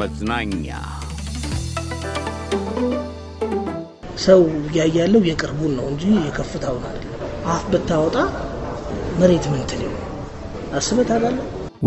መዝናኛ ሰው እያያለው የቅርቡን ነው እንጂ የከፍታውን አይደለም። አፍ ብታወጣ መሬት ምንትል አስበት አላለ።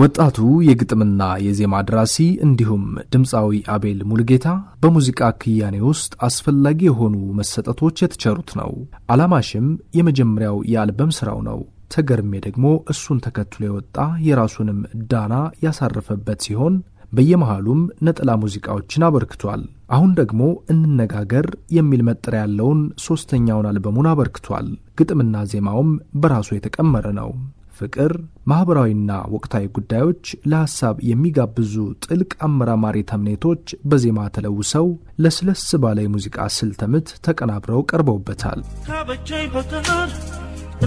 ወጣቱ የግጥምና የዜማ ደራሲ እንዲሁም ድምፃዊ አቤል ሙልጌታ በሙዚቃ ክያኔ ውስጥ አስፈላጊ የሆኑ መሰጠቶች የተቸሩት ነው። አላማሽም የመጀመሪያው የአልበም ስራው ነው። ተገርሜ ደግሞ እሱን ተከትሎ የወጣ የራሱንም ዳና ያሳረፈበት ሲሆን በየመሃሉም ነጠላ ሙዚቃዎችን አበርክቷል። አሁን ደግሞ እንነጋገር የሚል መጠሪያ ያለውን ሦስተኛውን አልበሙን አበርክቷል። ግጥምና ዜማውም በራሱ የተቀመረ ነው። ፍቅር፣ ማኅበራዊና ወቅታዊ ጉዳዮች ለሐሳብ የሚጋብዙ ጥልቅ አመራማሪ ተምኔቶች በዜማ ተለውሰው ለስለስ ባለ የሙዚቃ ስልተ ምት ተቀናብረው ቀርበውበታል። ካበጃይ በቀር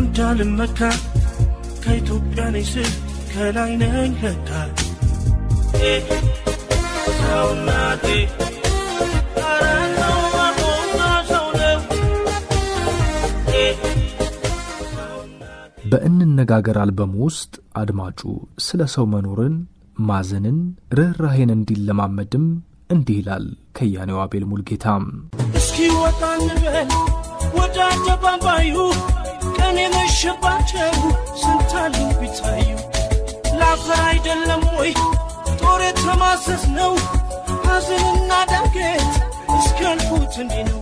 እንዳልመካ ከኢትዮጵያ ነኝ ስል ከላይ ነኝ በእንነጋገር አልበሙ ውስጥ አድማጩ ስለ ሰው መኖርን፣ ማዘንን፣ ርኅራሄን እንዲለማመድም እንዲህ ይላል ከያኔው አቤል ሙልጌታም እስኪ ወጣ እንበል ወደ አደባባዩ ቀን የመሸባቸው ስንታሉ ቢታዩ ላፈር አይደለም ወይ ጦር የተማሰስ ነው ሐዘንና ዳገት እንዲህ ነው።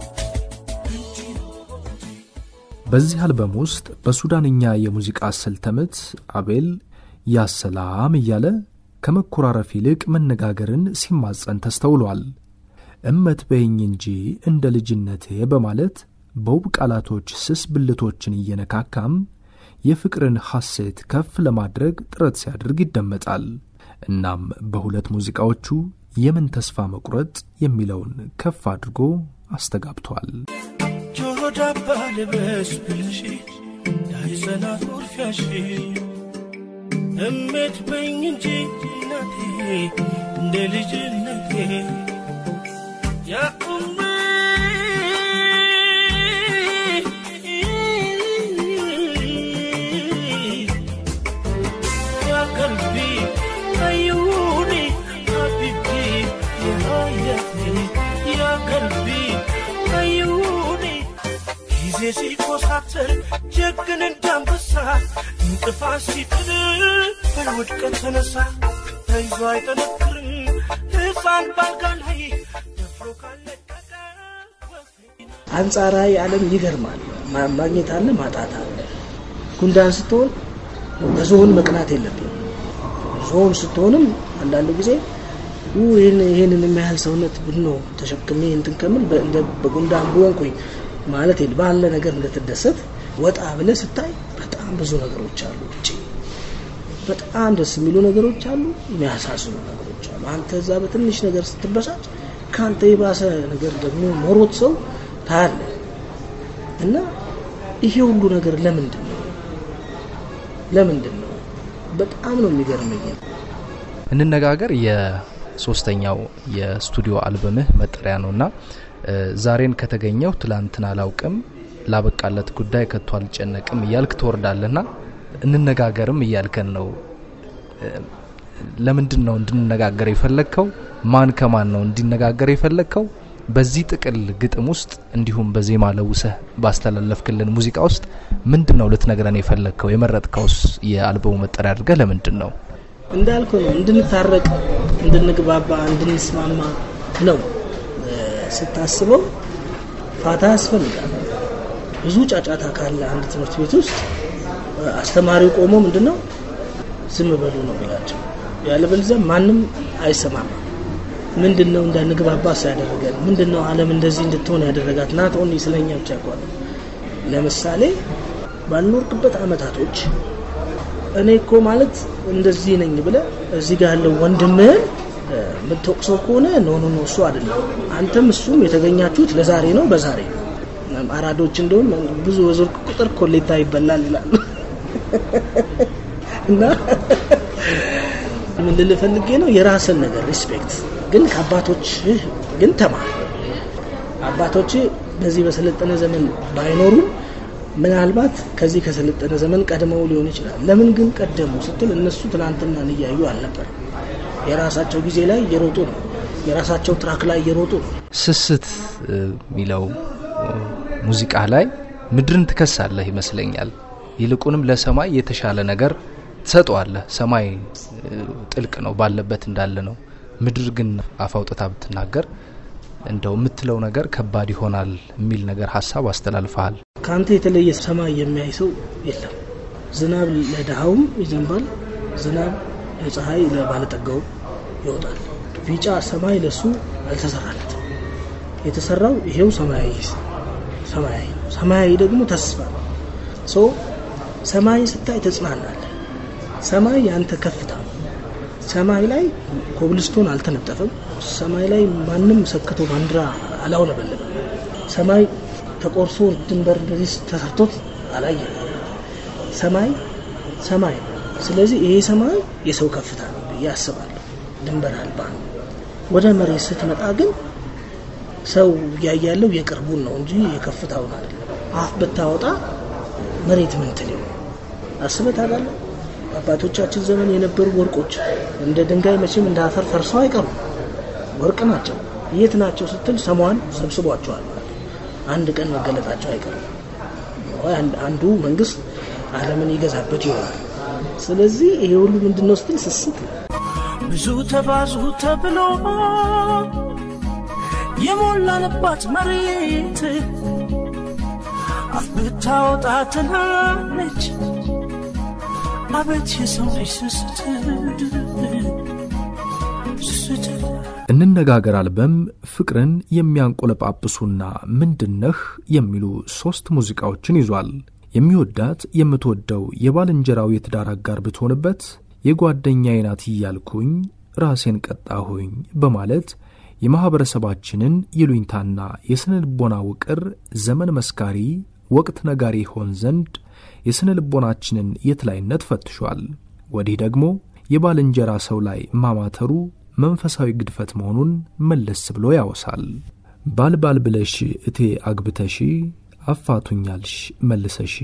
በዚህ አልበም ውስጥ በሱዳንኛ የሙዚቃ ስልተምት አቤል ያሰላም እያለ ከመኮራረፍ ይልቅ መነጋገርን ሲማጸን ተስተውሏል። እመት በይኝ እንጂ እንደ ልጅነቴ በማለት በውብ ቃላቶች ስስ ብልቶችን እየነካካም የፍቅርን ሐሴት ከፍ ለማድረግ ጥረት ሲያደርግ ይደመጣል። እናም በሁለት ሙዚቃዎቹ የምን ተስፋ መቁረጥ የሚለውን ከፍ አድርጎ አስተጋብቷል። ጆሮ ዳባ ልበስ ብለሽ ውርፊያሽ በኝ እንጂ እናቴ እንደ ልጅነቴ ያቁም ጊዜ ሲኮሳተር ጀግን እንዳንበሳ እንቅፋት ሲጥል በውድቀት ተነሳ ተይዞ አይጠነክርም ሕፃን ባልጋ ላይ ደፍሮ ካለቀቀ አንጻራዊ ዓለም ይገርማል። ማግኘት አለ፣ ማጣት አለ። ጉንዳን ስትሆን በዞን መቅናት የለብም። ዞን ስትሆንም አንዳንድ ጊዜ ይህንን የሚያህል ሰውነት ብኖ ተሸክሜ እንትን ከምል በጉንዳን ብሆንኩኝ ማለት ባለ ነገር እንደተደሰት ወጣ ብለ ስታይ በጣም ብዙ ነገሮች አሉ ውጭ በጣም ደስ የሚሉ ነገሮች አሉ፣ የሚያሳዝኑ ነገሮች አሉ። አንተ እዛ በትንሽ ነገር ስትበሳጭ ከአንተ የባሰ ነገር ደግሞ ኖሮት ሰው ታያለ እና ይሄ ሁሉ ነገር ለምንድን ነው ለምንድን ነው? በጣም ነው የሚገርመኝ። እንነጋገር የሶስተኛው የስቱዲዮ አልበምህ መጠሪያ ነውና ዛሬን ከተገኘው ትላንትን አላውቅም፣ ላበቃለት ጉዳይ ከቶ አልጨነቅም እያልክ ትወርዳለና እንነጋገርም እያልከን ነው። ለምንድን ነው እንድንነጋገር የፈለግከው? ማን ከማን ነው እንዲነጋገር የፈለግከው? በዚህ ጥቅል ግጥም ውስጥ እንዲሁም በዜማ ለውሰህ ባስተላለፍክልን ሙዚቃ ውስጥ ምንድን ነው ልትነግረን የፈለግከው? የመረጥከውስ የአልበሙ መጠሪያ አድርገህ ለምንድን ነው? እንዳልኩ ነው እንድንታረቅ፣ እንድንግባባ፣ እንድንስማማ ነው ስታስበው ፋታ ያስፈልጋል። ብዙ ጫጫታ ካለ አንድ ትምህርት ቤት ውስጥ አስተማሪው ቆሞ ምንድን ነው ዝም በሉ ነው ሚላቸው። ያለበለዚያ ማንም አይሰማም። ምንድን ነው እንዳንግባባ ያደረገን? ምንድን ነው ዓለም እንደዚህ እንድትሆን ያደረጋት? ናት ሆን ስለኛ ብቻ ያቋል። ለምሳሌ ባልኖርክበት አመታቶች እኔ እኮ ማለት እንደዚህ ነኝ ብለ እዚህ ጋር ያለው ወንድምህን የምትወቅሰው ከሆነ ኖ ኖ እሱ አይደለም፣ አንተም እሱም የተገኛችሁት ለዛሬ ነው፣ በዛሬ አራዶች እንደውም ብዙ በዙር ቁጥር ኮሌታ ይበላል ይላሉ። እና ምን ልልህ ፈልጌ ነው የራስን ነገር ሪስፔክት ግን ከአባቶች ግን ተማር። አባቶች በዚህ በሰለጠነ ዘመን ባይኖሩም ምናልባት ከዚህ ከሰለጠነ ዘመን ቀድመው ሊሆን ይችላል። ለምን ግን ቀደሙ ስትል እነሱ ትናንትና እያዩ አልነበረም። የራሳቸው ጊዜ ላይ እየሮጡ ነው። የራሳቸው ትራክ ላይ እየሮጡ ነው። ስስት የሚለው ሙዚቃ ላይ ምድርን ትከሳለህ ይመስለኛል። ይልቁንም ለሰማይ የተሻለ ነገር ትሰጠዋለህ። ሰማይ ጥልቅ ነው ባለበት እንዳለ ነው። ምድር ግን አፋውጥታ ብትናገር እንደው የምትለው ነገር ከባድ ይሆናል የሚል ነገር ሀሳብ አስተላልፈሃል። ከአንተ የተለየ ሰማይ የሚያይ ሰው የለም። ዝናብ ለድሃውም ይዘንባል። ዝናብ ፀሐይ ለባለጠጋው ይወጣል። ቢጫ ሰማይ ለሱ አልተሰራለት። የተሰራው ይሄው ሰማያዊ ሰማያዊ ሰማያዊ ደግሞ ተስፋ ነው። ሶ ሰማይ ስታይ ተጽናናለ። ሰማይ ያንተ ከፍታ ነው። ሰማይ ላይ ኮብልስቶን አልተነጠፈም። ሰማይ ላይ ማንም ሰክቶ ባንዲራ አላውለበለበም። ሰማይ ተቆርሶ ድንበር ተሰርቶት አላየ። ሰማይ ሰማይ ነው። ስለዚህ ይሄ ሰማይ የሰው ከፍታ ነው ብዬ አስባለሁ። ድንበር አልባ ነው። ወደ መሬት ስትመጣ ግን ሰው እያያለው የቅርቡን ነው እንጂ የከፍታውን አይደለም። አፍ ብታወጣ መሬት ምን ትል አስበት አስበህ አባቶቻችን በአባቶቻችን ዘመን የነበሩ ወርቆች እንደ ድንጋይ መቼም እንደ አፈር ፈርሰው አይቀሩም። ወርቅ ናቸው። የት ናቸው ስትል ሰማዋን ሰብስቧቸዋል። አንድ ቀን መገለጣቸው አይቀርም። አንዱ መንግስት አለምን ይገዛበት ይሆናል። ስለዚህ ይሄ ሁሉ ምንድነው ነው ስትል ስስት ብዙ ተባዙ ተብሎ የሞላንባት መሬት አፍ ብታወጣ ትናነች። አቤት የሰው ልጅ ስስት ስስት እንነጋገር አልበም ፍቅርን የሚያንቆለጳጵሱና ምንድነህ የሚሉ ሦስት ሙዚቃዎችን ይዟል። የሚወዳት የምትወደው የባልንጀራው የትዳር አጋር ብትሆንበት የጓደኛዬ ናት እያልኩኝ ራሴን ቀጣሁኝ በማለት የማኅበረሰባችንን ይሉኝታና የሥነ ልቦና ውቅር ዘመን መስካሪ ወቅት ነጋሪ ሆን ዘንድ የሥነ ልቦናችንን የትላይነት ፈትሿል። ወዲህ ደግሞ የባልንጀራ ሰው ላይ ማማተሩ መንፈሳዊ ግድፈት መሆኑን መለስ ብሎ ያወሳል። ባልባል ብለሽ እቴ አግብተሺ አፋቱኛልሽ መልሰሽ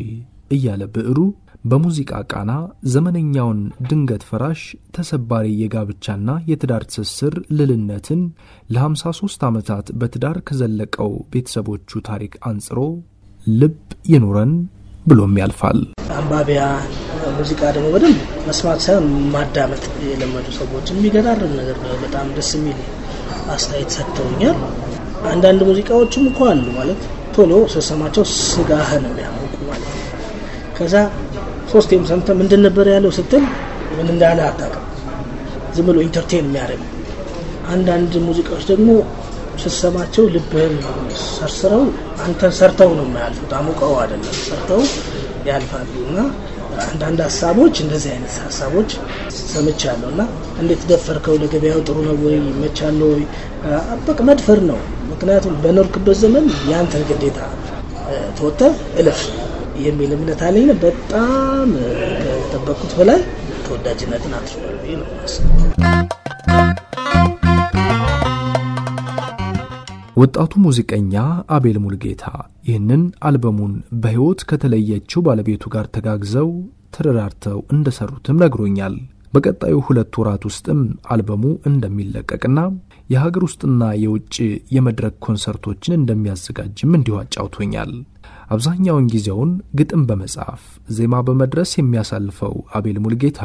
እያለ ብዕሩ በሙዚቃ ቃና ዘመነኛውን ድንገት ፈራሽ ተሰባሪ የጋብቻና የትዳር ትስስር ልልነትን ለ53 ዓመታት በትዳር ከዘለቀው ቤተሰቦቹ ታሪክ አንጽሮ ልብ ይኑረን ብሎም ያልፋል። አንባቢያ ሙዚቃ ደግሞ በደንብ መስማት ሳይሆን ማዳመጥ የለመዱ ሰዎች የሚገራርም ነገር ነው። በጣም ደስ የሚል አስተያየት ሰጥተውኛል። አንዳንድ ሙዚቃዎችም እኮ አሉ ማለት ቶሎ ስሰማቸው ስጋህ ነው ያውቁ ማለት ነው ከዛ ሶስቴም ሰምተ ምንድን ነበር ያለው ስትል ምን እንዳለ አታቅም ዝም ብሎ ኢንተርቴን የሚያደርግ አንዳንድ ሙዚቃዎች ደግሞ ስሰማቸው ልብህን ሰርስረው አንተን ሰርተው ነው የሚያልፉት አሙቀው አይደለም ሰርተው ያልፋሉ እና አንዳንድ ሀሳቦች እንደዚህ አይነት ሀሳቦች ሰምቻለሁ እና እንዴት ደፈርከው? ለገበያው ጥሩ ነው ወይ ይመቻለ ወይ? አበቅ መድፈር ነው። ምክንያቱም በኖርክበት ዘመን ያንተ ግዴታ ተወተ እለፍ የሚል እምነት አለኝ። በጣም ከጠበቅኩት በላይ ተወዳጅነትን አትርፏል ነው ወጣቱ ሙዚቀኛ አቤል ሙልጌታ ይህንን አልበሙን በሕይወት ከተለየችው ባለቤቱ ጋር ተጋግዘው ተደራርተው እንደሰሩትም ነግሮኛል። በቀጣዩ ሁለት ወራት ውስጥም አልበሙ እንደሚለቀቅና የሀገር ውስጥና የውጭ የመድረክ ኮንሰርቶችን እንደሚያዘጋጅም እንዲሁ አጫውቶኛል። አብዛኛውን ጊዜውን ግጥም በመጻፍ ዜማ በመድረስ የሚያሳልፈው አቤል ሙልጌታ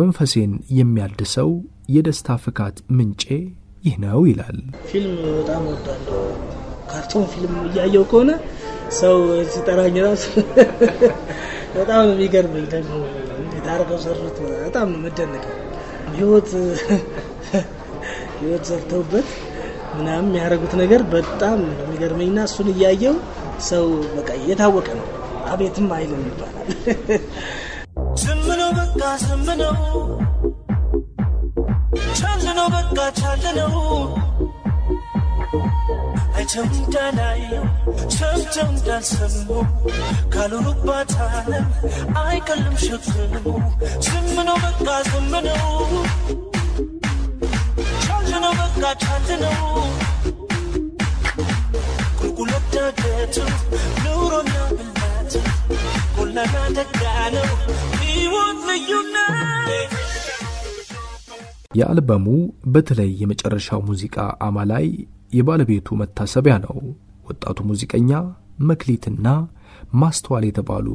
መንፈሴን የሚያድሰው የደስታ ፍካት ምንጬ ይህ ነው ይላል። ፊልም በጣም ወዳለሁ። ካርቱን ፊልም እያየው ከሆነ ሰው ሲጠራኝ ራሱ በጣም ነው የሚገርመኝ። ደግሞ እንዴት አድርገው ሰሩት በጣም ነው መደነቀው። ህይወት ህይወት ዘርተውበት ምናምን የሚያደርጉት ነገር በጣም ነው እና እሱን እያየው ሰው በቃ እየታወቀ ነው አቤትም አይልም ይባላል። ዝም ነው በቃ ዝም ነው ነው በቃ ቻለነው አይተምዳ ላይ ሰምተው እንዳልሰሙ ካሉባት ዓለም አይቀልም ሸክሙ ዝም ነው በቃ ዝም ነው ቻለነው በቃ ቻለነው ቁልቁለት ዳገቱ ኑሮና ብላት ቆላና ደጋ ነው ሕይወት ልዩነት የአልበሙ በተለይ የመጨረሻው ሙዚቃ አማላይ የባለቤቱ መታሰቢያ ነው። ወጣቱ ሙዚቀኛ መክሊትና ማስተዋል የተባሉ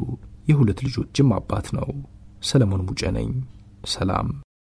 የሁለት ልጆችም አባት ነው። ሰለሞን ሙጬ ነኝ። ሰላም።